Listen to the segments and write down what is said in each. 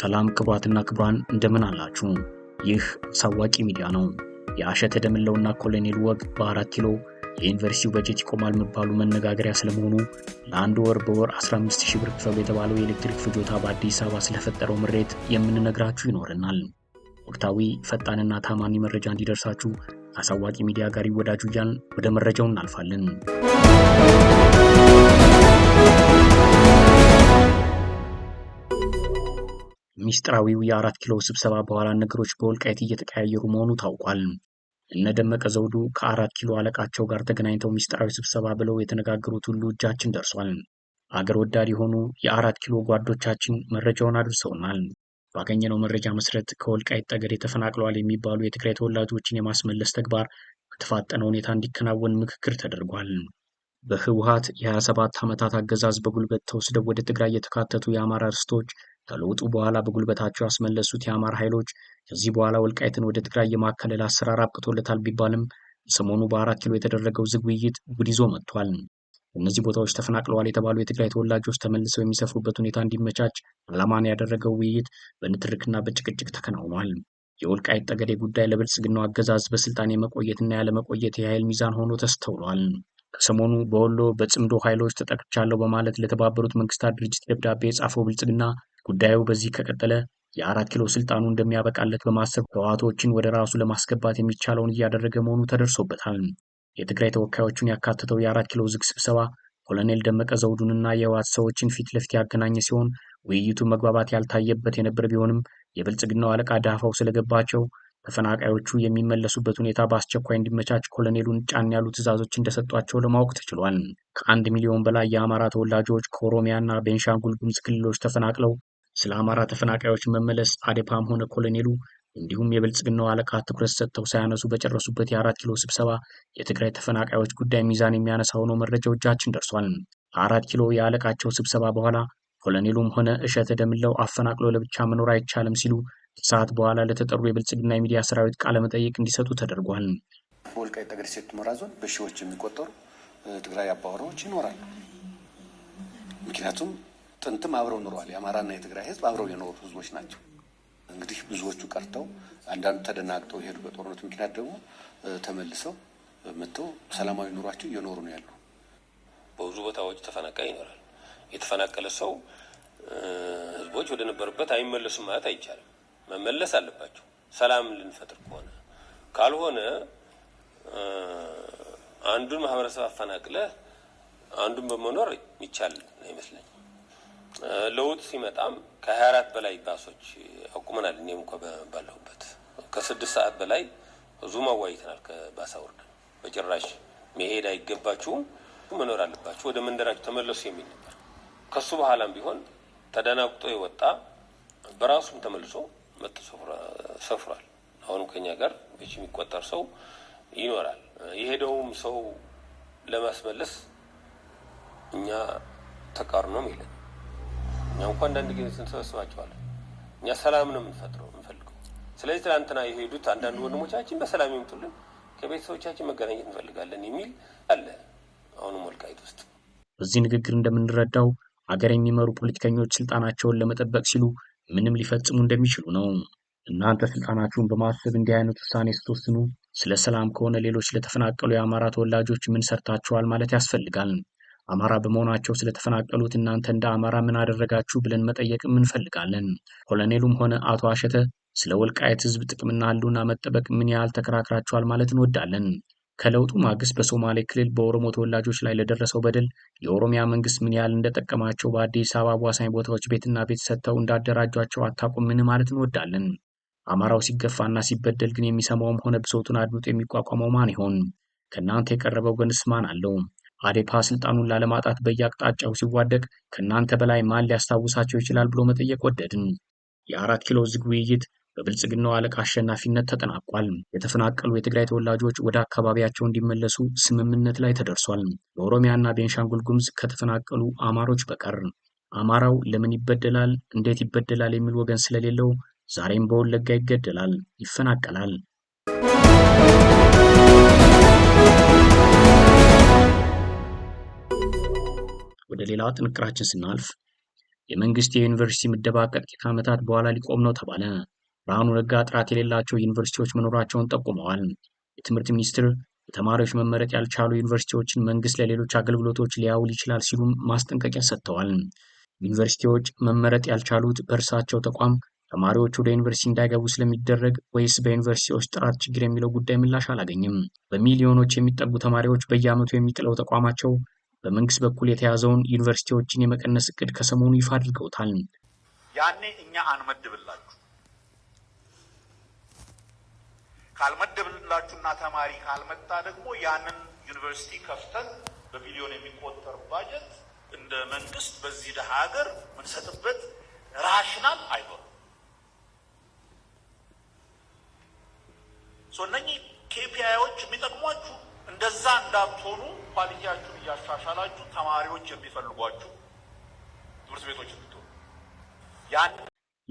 ሰላም ክቡራትና ክቡራን እንደምን አላችሁ? ይህ ሳዋቂ ሚዲያ ነው። የአሸተ ደምለውና ኮሎኔል ወግ በአራት ኪሎ የዩኒቨርሲቲው በጀት ይቆማል መባሉ መነጋገሪያ ስለመሆኑ ለአንድ ወር በወር 15 ሺህ ብር ክፈሉ የተባለው የኤሌክትሪክ ፍጆታ በአዲስ አበባ ስለፈጠረው ምሬት የምንነግራችሁ ይኖረናል። ወቅታዊ ፈጣንና ታማኒ መረጃ እንዲደርሳችሁ ከአሳዋቂ ሚዲያ ጋር ይወዳጁ እያልን ወደ መረጃው እናልፋለን። ሚስጥራዊው የአራት ኪሎ ስብሰባ በኋላ ነገሮች በወልቃይት እየተቀያየሩ መሆኑ ታውቋል። እነ ደመቀ ዘውዱ ከአራት ኪሎ አለቃቸው ጋር ተገናኝተው ሚስጥራዊ ስብሰባ ብለው የተነጋገሩት ሁሉ እጃችን ደርሷል። አገር ወዳድ የሆኑ የአራት ኪሎ ጓዶቻችን መረጃውን አድርሰውናል። ባገኘነው መረጃ መሰረት ከወልቃይት ጠገዴ ተፈናቅለዋል የሚባሉ የትግራይ ተወላጆችን የማስመለስ ተግባር በተፋጠነ ሁኔታ እንዲከናወን ምክክር ተደርጓል። በህወሀት የ27 ዓመታት አገዛዝ በጉልበት ተወስደው ወደ ትግራይ የተካተቱ የአማራ ርስቶች ከለውጡ በኋላ በጉልበታቸው ያስመለሱት የአማራ ኃይሎች ከዚህ በኋላ ወልቃይትን ወደ ትግራይ የማከለል አሰራር አብቅቶለታል ቢባልም ሰሞኑ በአራት ኪሎ የተደረገው ዝግ ውይይት ጉድ ይዞ መጥቷል። እነዚህ ቦታዎች ተፈናቅለዋል የተባሉ የትግራይ ተወላጆች ተመልሰው የሚሰፍሩበት ሁኔታ እንዲመቻች ዓላማን ያደረገው ውይይት በንትርክና በጭቅጭቅ ተከናውኗል። የወልቃይት ጠገዴ ጉዳይ ለብልጽግናው አገዛዝ በስልጣን የመቆየትና ያለመቆየት የኃይል ሚዛን ሆኖ ተስተውሏል። ከሰሞኑ በወሎ በጽምዶ ኃይሎች ተጠቅቻለሁ በማለት ለተባበሩት መንግስታት ድርጅት ደብዳቤ የጻፈው ብልጽግና ጉዳዩ በዚህ ከቀጠለ የአራት ኪሎ ስልጣኑ እንደሚያበቃለት በማሰብ ህወሓቶችን ወደ ራሱ ለማስገባት የሚቻለውን እያደረገ መሆኑ ተደርሶበታል። የትግራይ ተወካዮቹን ያካተተው የአራት ኪሎ ዝግ ስብሰባ ኮሎኔል ደመቀ ዘውዱንና የህወሓት ሰዎችን ፊት ለፊት ያገናኘ ሲሆን ውይይቱ መግባባት ያልታየበት የነበረ ቢሆንም የብልጽግናው አለቃ ዳፋው ስለገባቸው ተፈናቃዮቹ የሚመለሱበት ሁኔታ በአስቸኳይ እንዲመቻች ኮሎኔሉን ጫን ያሉ ትዕዛዞች እንደሰጧቸው ለማወቅ ተችሏል። ከአንድ ሚሊዮን በላይ የአማራ ተወላጆች ከኦሮሚያና ቤንሻንጉል ጉሙዝ ክልሎች ተፈናቅለው ስለ አማራ ተፈናቃዮች መመለስ አዴፓም ሆነ ኮሎኔሉ እንዲሁም የብልጽግናው አለቃ ትኩረት ሰጥተው ሳያነሱ በጨረሱበት የአራት ኪሎ ስብሰባ የትግራይ ተፈናቃዮች ጉዳይ ሚዛን የሚያነሳ ሆኖ መረጃው እጃችን ደርሷል። ከአራት ኪሎ የአለቃቸው ስብሰባ በኋላ ኮሎኔሉም ሆነ እሸት ደምለው አፈናቅሎ ለብቻ መኖር አይቻልም ሲሉ ከሰዓት በኋላ ለተጠሩ የብልጽግና የሚዲያ ሰራዊት ቃለመጠይቅ እንዲሰጡ ተደርጓል። በወልቃይት ጠገዴ ሰቲት ሁመራ ዞን በሺዎች የሚቆጠሩ ትግራይ አባወራዎች ይኖራሉ። ምክንያቱም ጥንትም አብረው ኑረዋል። የአማራና የትግራይ ህዝብ አብረው የኖሩ ህዝቦች ናቸው። እንግዲህ ብዙዎቹ ቀርተው አንዳንዱ ተደናግጠው የሄዱ በጦርነት ምክንያት ደግሞ ተመልሰው መጥተው ሰላማዊ ኑሯቸው እየኖሩ ነው ያሉ። በብዙ ቦታዎች ተፈናቃይ ይኖራል። የተፈናቀለ ሰው ህዝቦች ወደ ነበሩበት አይመለሱም ማለት አይቻልም። መመለስ አለባቸው ሰላም ልንፈጥር ከሆነ። ካልሆነ አንዱን ማህበረሰብ አፈናቅለህ አንዱን በመኖር ይቻል ይመስለኝ ለውጥ ሲመጣም ከሀያ አራት በላይ ባሶች አቁመናል። እኔም እንኳ ባለሁበት ከስድስት ሰዓት በላይ ብዙ ማዋይተናል። ከባሳ ወርደን በጭራሽ መሄድ አይገባችሁም መኖር አለባችሁ፣ ወደ መንደራችሁ ተመለሱ የሚል ነበር። ከሱ በኋላም ቢሆን ተደናግጦ የወጣ በራሱም ተመልሶ መጥ ሰፍሯል። አሁንም ከኛ ጋር በች የሚቆጠር ሰው ይኖራል። የሄደውም ሰው ለማስመለስ እኛ ተቃርኖም የለን እኛ እንኳ አንዳንድ ጊዜ ስንሰበስባቸዋለን። እኛ ሰላም ነው የምንፈጥረው የምንፈልገው። ስለዚህ ትናንትና የሄዱት አንዳንድ ወንድሞቻችን በሰላም ይምጡልን፣ ከቤተሰቦቻችን መገናኘት እንፈልጋለን የሚል አለ አሁንም ወልቃይት ውስጥ። በዚህ ንግግር እንደምንረዳው አገር የሚመሩ ፖለቲከኞች ስልጣናቸውን ለመጠበቅ ሲሉ ምንም ሊፈጽሙ እንደሚችሉ ነው። እናንተ ስልጣናችሁን በማሰብ እንዲህ አይነት ውሳኔ ስትወስኑ ስለ ሰላም ከሆነ ሌሎች ለተፈናቀሉ የአማራ ተወላጆች ምን ሰርታችኋል ማለት ያስፈልጋል። አማራ በመሆናቸው ስለተፈናቀሉት እናንተ እንደ አማራ ምን አደረጋችሁ ብለን መጠየቅም እንፈልጋለን። ኮሎኔሉም ሆነ አቶ አሸተ ስለ ወልቃየት ህዝብ ጥቅምና ህልውና መጠበቅ ምን ያህል ተከራክራችኋል ማለት እንወዳለን። ከለውጡ ማግስት በሶማሌ ክልል በኦሮሞ ተወላጆች ላይ ለደረሰው በደል የኦሮሚያ መንግስት ምን ያህል እንደጠቀማቸው በአዲስ አበባ አዋሳኝ ቦታዎች ቤትና ቤት ሰጥተው እንዳደራጇቸው አታውቁም? ምን ማለት እንወዳለን። አማራው ሲገፋና ሲበደል ግን የሚሰማውም ሆነ ብሶቱን አድምጦ የሚቋቋመው ማን ይሆን? ከእናንተ የቀረበው ወገንስ ማን አለው? አዴፓ ስልጣኑን ላለማጣት በየአቅጣጫው ሲዋደቅ ከእናንተ በላይ ማን ሊያስታውሳቸው ይችላል ብሎ መጠየቅ ወደድን። የአራት ኪሎ ዝግ ውይይት በብልጽግናው አለቃ አሸናፊነት ተጠናቋል። የተፈናቀሉ የትግራይ ተወላጆች ወደ አካባቢያቸው እንዲመለሱ ስምምነት ላይ ተደርሷል። በኦሮሚያና ቤንሻንጉል ጉምዝ ከተፈናቀሉ አማሮች በቀር አማራው ለምን ይበደላል፣ እንዴት ይበደላል የሚል ወገን ስለሌለው ዛሬም በወለጋ ይገደላል፣ ይፈናቀላል። ወደ ሌላው ጥንቅራችን ስናልፍ የመንግስት የዩኒቨርሲቲ ምደባ ከጥቂት ዓመታት በኋላ ሊቆም ነው ተባለ። ብርሃኑ ነጋ ጥራት የሌላቸው ዩኒቨርሲቲዎች መኖራቸውን ጠቁመዋል። የትምህርት ሚኒስትር የተማሪዎች መመረጥ ያልቻሉ ዩኒቨርሲቲዎችን መንግስት ለሌሎች አገልግሎቶች ሊያውል ይችላል ሲሉ ማስጠንቀቂያ ሰጥተዋል። ዩኒቨርሲቲዎች መመረጥ ያልቻሉት በእርሳቸው ተቋም ተማሪዎች ወደ ዩኒቨርሲቲ እንዳይገቡ ስለሚደረግ ወይስ በዩኒቨርሲቲዎች ጥራት ችግር የሚለው ጉዳይ ምላሽ አላገኝም። በሚሊዮኖች የሚጠጉ ተማሪዎች በየዓመቱ የሚጥለው ተቋማቸው በመንግስት በኩል የተያዘውን ዩኒቨርሲቲዎችን የመቀነስ እቅድ ከሰሞኑ ይፋ አድርገውታል። ያኔ እኛ አንመድብላችሁ ካልመደብላችሁና ተማሪ ካልመጣ ደግሞ ያንን ዩኒቨርሲቲ ከፍተን በሚሊዮን የሚቆጠር ባጀት እንደ መንግስት በዚህ ደሃ ሀገር ምንሰጥበት ራሽናል አይሆንም። እነኚህ ኬፒያዎች የሚጠቅሟችሁ እንደዛ እንዳትሆኑ ኳሊቲያችሁን እያሻሻላችሁ ተማሪዎች የሚፈልጓችሁ ትምህርት ቤቶች እንድትሆኑ ያን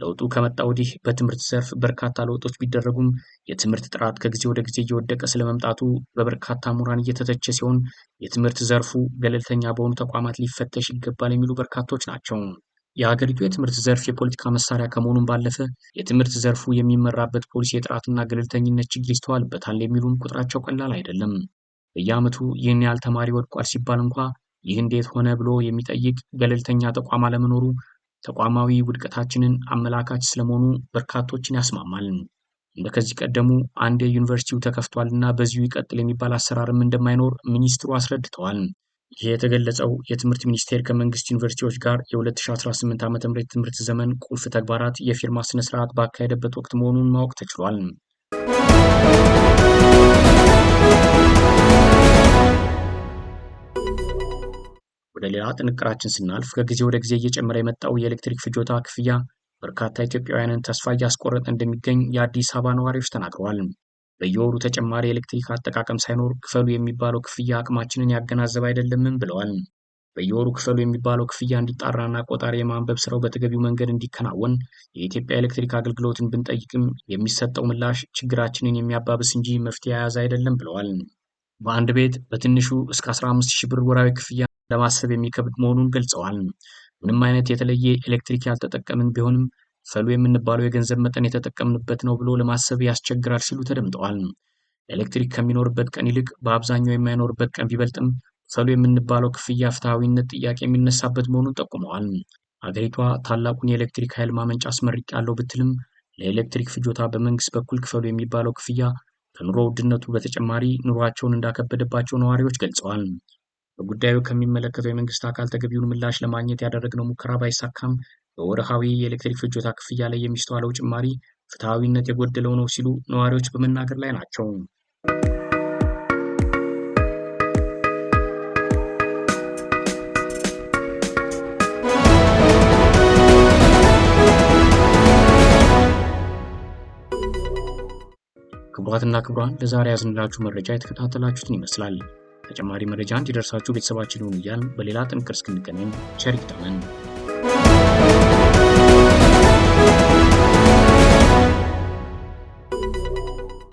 ለውጡ ከመጣ ወዲህ በትምህርት ዘርፍ በርካታ ለውጦች ቢደረጉም የትምህርት ጥራት ከጊዜ ወደ ጊዜ እየወደቀ ስለመምጣቱ በበርካታ ምሁራን እየተተቸ ሲሆን የትምህርት ዘርፉ ገለልተኛ በሆኑ ተቋማት ሊፈተሽ ይገባል የሚሉ በርካቶች ናቸው። የሀገሪቱ የትምህርት ዘርፍ የፖለቲካ መሳሪያ ከመሆኑም ባለፈ የትምህርት ዘርፉ የሚመራበት ፖሊሲ የጥራትና ገለልተኝነት ችግር ይስተዋልበታል የሚሉም ቁጥራቸው ቀላል አይደለም። በየዓመቱ ይህን ያህል ተማሪ ወድቋል ሲባል እንኳ ይህ እንዴት ሆነ ብሎ የሚጠይቅ ገለልተኛ ተቋም አለመኖሩ ተቋማዊ ውድቀታችንን አመላካች ስለመሆኑ በርካቶችን ያስማማል። እንደ ከዚህ ቀደሙ አንድ ዩኒቨርሲቲው ተከፍቷልና በዚሁ ይቀጥል የሚባል አሰራርም እንደማይኖር ሚኒስትሩ አስረድተዋል። ይህ የተገለጸው የትምህርት ሚኒስቴር ከመንግስት ዩኒቨርሲቲዎች ጋር የ2018 ዓ ም ትምህርት ዘመን ቁልፍ ተግባራት የፊርማ ስነስርዓት ባካሄደበት ወቅት መሆኑን ማወቅ ተችሏል። ወደ ሌላ ጥንቅራችን ስናልፍ ከጊዜ ወደ ጊዜ እየጨመረ የመጣው የኤሌክትሪክ ፍጆታ ክፍያ በርካታ ኢትዮጵያውያንን ተስፋ እያስቆረጠ እንደሚገኝ የአዲስ አበባ ነዋሪዎች ተናግረዋል። በየወሩ ተጨማሪ የኤሌክትሪክ አጠቃቀም ሳይኖር ክፈሉ የሚባለው ክፍያ አቅማችንን ያገናዘብ አይደለምም ብለዋል። በየወሩ ክፈሉ የሚባለው ክፍያ እንዲጣራና ቆጣሪ የማንበብ ስራው በተገቢው መንገድ እንዲከናወን የኢትዮጵያ ኤሌክትሪክ አገልግሎትን ብንጠይቅም የሚሰጠው ምላሽ ችግራችንን የሚያባብስ እንጂ መፍትሄ የያዘ አይደለም ብለዋል። በአንድ ቤት በትንሹ እስከ 15 ሺህ ብር ወራዊ ክፍያ ለማሰብ የሚከብድ መሆኑን ገልጸዋል። ምንም አይነት የተለየ ኤሌክትሪክ ያልተጠቀምን ቢሆንም ፈሉ የምንባለው የገንዘብ መጠን የተጠቀምንበት ነው ብሎ ለማሰብ ያስቸግራል ሲሉ ተደምጠዋል። ኤሌክትሪክ ከሚኖርበት ቀን ይልቅ በአብዛኛው የማይኖርበት ቀን ቢበልጥም ፈሉ የምንባለው ክፍያ ፍትሐዊነት ጥያቄ የሚነሳበት መሆኑን ጠቁመዋል። አገሪቷ ታላቁን የኤሌክትሪክ ኃይል ማመንጫ አስመርቅ ያለው ብትልም ለኤሌክትሪክ ፍጆታ በመንግስት በኩል ክፈሉ የሚባለው ክፍያ ከኑሮ ውድነቱ በተጨማሪ ኑሯቸውን እንዳከበደባቸው ነዋሪዎች ገልጸዋል። በጉዳዩ ከሚመለከተው የመንግስት አካል ተገቢውን ምላሽ ለማግኘት ያደረግነው ሙከራ ባይሳካም በወርሃዊ የኤሌክትሪክ ፍጆታ ክፍያ ላይ የሚስተዋለው ጭማሪ ፍትሐዊነት የጎደለው ነው ሲሉ ነዋሪዎች በመናገር ላይ ናቸው። ክቡራትና ክቡራን ለዛሬ ያዝንላችሁ መረጃ የተከታተላችሁትን ይመስላል። ተጨማሪ መረጃ እንዲደርሳችሁ ቤተሰባችን ይሁኑ እያልን በሌላ ጥንቅር እስክንገናኝ ቸር ይግጠመን።